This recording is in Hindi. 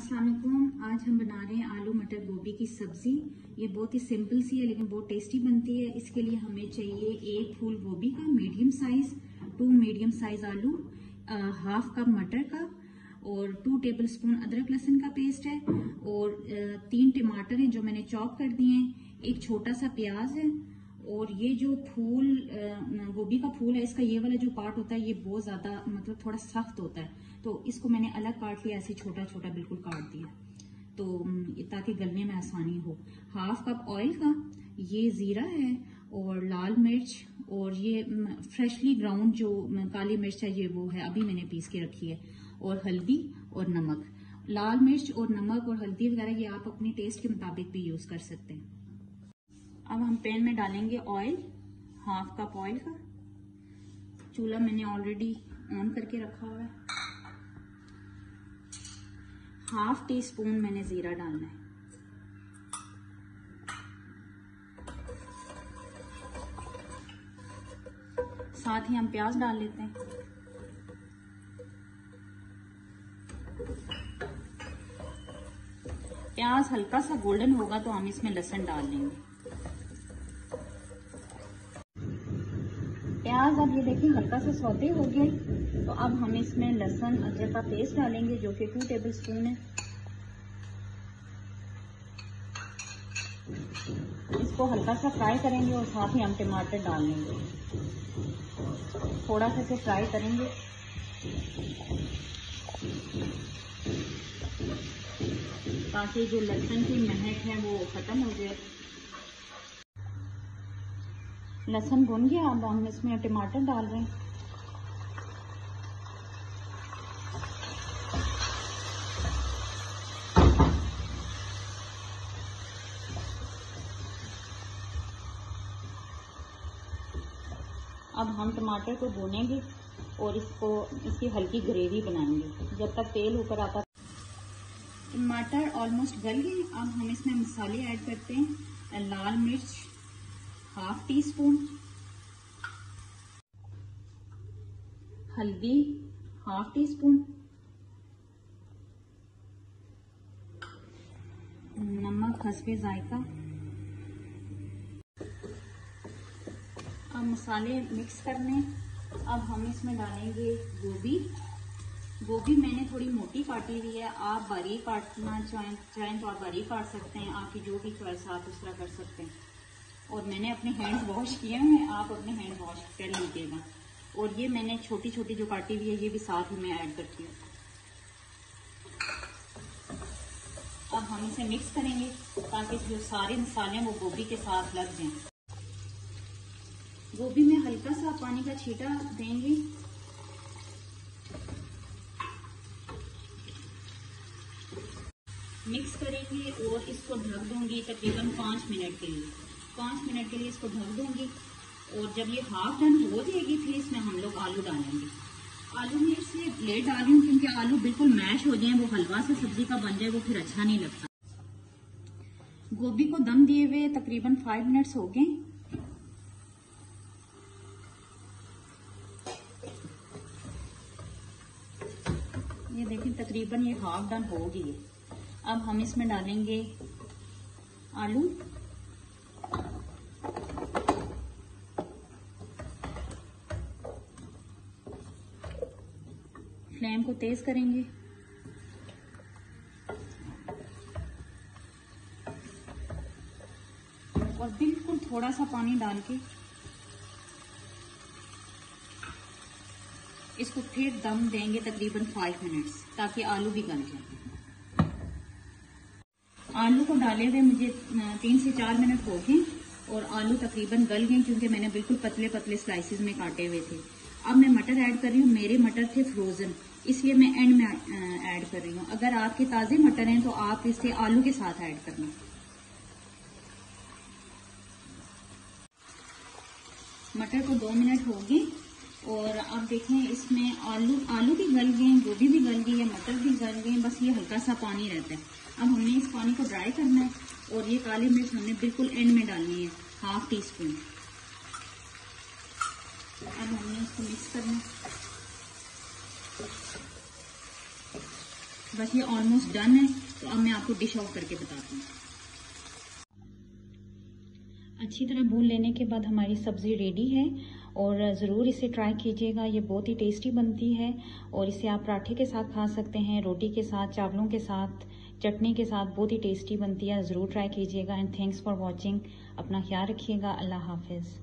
असलम आज हम बना रहे हैं आलू मटर गोभी की सब्ज़ी ये बहुत ही सिंपल सी है लेकिन बहुत टेस्टी बनती है इसके लिए हमें चाहिए एक फूल गोभी का medium size to medium size आलू हाफ कप मटर का और टू टेबल स्पून अदरक लहसुन का पेस्ट है और आ, तीन टमाटर हैं जो मैंने चॉप कर दिए हैं एक छोटा सा प्याज है और ये जो फूल गोभी का फूल है इसका ये वाला जो पार्ट होता है ये बहुत ज़्यादा मतलब थोड़ा सख्त होता है तो इसको मैंने अलग काट लिया ऐसे छोटा छोटा बिल्कुल काट दिया तो ताकि गलने में आसानी हो हाफ कप ऑयल का ये ज़ीरा है और लाल मिर्च और ये फ्रेशली ग्राउंड जो काली मिर्च है ये वो है अभी मैंने पीस के रखी है और हल्दी और नमक लाल मिर्च और नमक और हल्दी वगैरह ये आप अपने टेस्ट के मुताबिक भी यूज़ कर सकते हैं अब हम पैन में डालेंगे ऑयल हाफ कप ऑयल का चूल्हा मैंने ऑलरेडी ऑन करके रखा हुआ है हाफ टी स्पून मैंने जीरा डालना है साथ ही हम प्याज डाल लेते हैं प्याज हल्का सा गोल्डन होगा तो हम इसमें लहसुन डाल लेंगे प्याज आप ये देखें हल्का सा सौते हो गए तो अब हम इसमें लहसुन अदरक का पेस्ट डालेंगे जो कि टू टेबल स्पून है इसको हल्का सा फ्राई करेंगे और साथ ही हम टमाटर डाल लेंगे थोड़ा सा इसे फ्राई करेंगे ताकि जो लहसुन की महक है वो ख़त्म हो जाए लहसन भुन गया अब हम इसमें टमाटर डाल रहे हैं अब हम टमाटर को भूनेंगे और इसको इसकी हल्की ग्रेवी बनाएंगे जब तक तेल ऊपर आता टमाटर ऑलमोस्ट गल गए अब हम इसमें मसाले ऐड करते हैं लाल मिर्च हाफ टी स्पून हल्दी हाफ टी स्पून नमक हसबे जायका अब मसाले मिक्स करने अब हम इसमें डालेंगे गोभी गोभी मैंने थोड़ी मोटी काटी हुई है आप बारीक काटना चाहें चाहें तो आप बारीक काट सकते हैं आपकी जो भी चॉइस आप उस तरह कर सकते हैं और मैंने अपने हैंड वॉश किए हैं आप अपने हैंड वॉश कर लीजिएगा और ये मैंने छोटी छोटी जो काटी हुई है ये भी साथ ही मैं ऐड करती हूँ अब हम इसे मिक्स करेंगे ताकि जो सारे मसाले हैं वो गोभी के साथ लग जाएं। गोभी में हल्का सा पानी का छीटा देंगे मिक्स करेंगे और इसको ढक दूंगी तकरीबन पांच मिनट के लिए पाँच मिनट के लिए इसको ढक दूंगी और जब ये हाफ डन हो जाएगी फिर इसमें हम लोग आलू डालेंगे आलू में इसलिए लेट डाल रही हूँ क्योंकि आलू बिल्कुल मैश हो जाए वो हलवा से सब्जी का बन जाए वो फिर अच्छा नहीं लगता गोभी को दम दिए हुए तकरीबन फाइव मिनट्स हो गए ये देखिए तकरीबन ये हाफ डन हो गई है अब हम इसमें डालेंगे आलू फ्लेम को तेज करेंगे और बिल्कुल थोड़ा सा पानी डाल के इसको फिर दम देंगे तकरीबन फाइव मिनट्स ताकि आलू भी गल जाए आलू को डाले हुए मुझे तीन से चार मिनट हो गए और आलू तकरीबन गल गए क्योंकि मैंने बिल्कुल पतले पतले स्लाइसिस में काटे हुए थे अब मैं मटर ऐड कर रही हूँ मेरे मटर थे फ्रोजन इसलिए मैं एंड में ऐड कर रही हूँ अगर आपके ताजे मटर हैं तो आप इसे आलू के साथ ऐड करना मटर को दो मिनट हो गए और अब देखें इसमें आलू आलू भी गल गए गोभी भी गल गई है मटर भी गल गए बस ये हल्का सा पानी रहता है अब हमने इस पानी को ड्राई करना है और ये काली मिर्च हमने बिल्कुल एंड में डालनी है हाफ टी स्पून अब हमने इसको मिक्स करना बस ये ऑलमोस्ट डन है तो अब मैं आपको डिश ऑफ करके बताती हूँ अच्छी तरह भून लेने के बाद हमारी सब्ज़ी रेडी है और ज़रूर इसे ट्राई कीजिएगा ये बहुत ही टेस्टी बनती है और इसे आप पराठे के साथ खा सकते हैं रोटी के साथ चावलों के साथ चटनी के साथ बहुत ही टेस्टी बनती है ज़रूर ट्राई कीजिएगा एंड थैंक्स फॉर वॉचिंग अपना ख्याल रखिएगा अल्लाह हाफिज़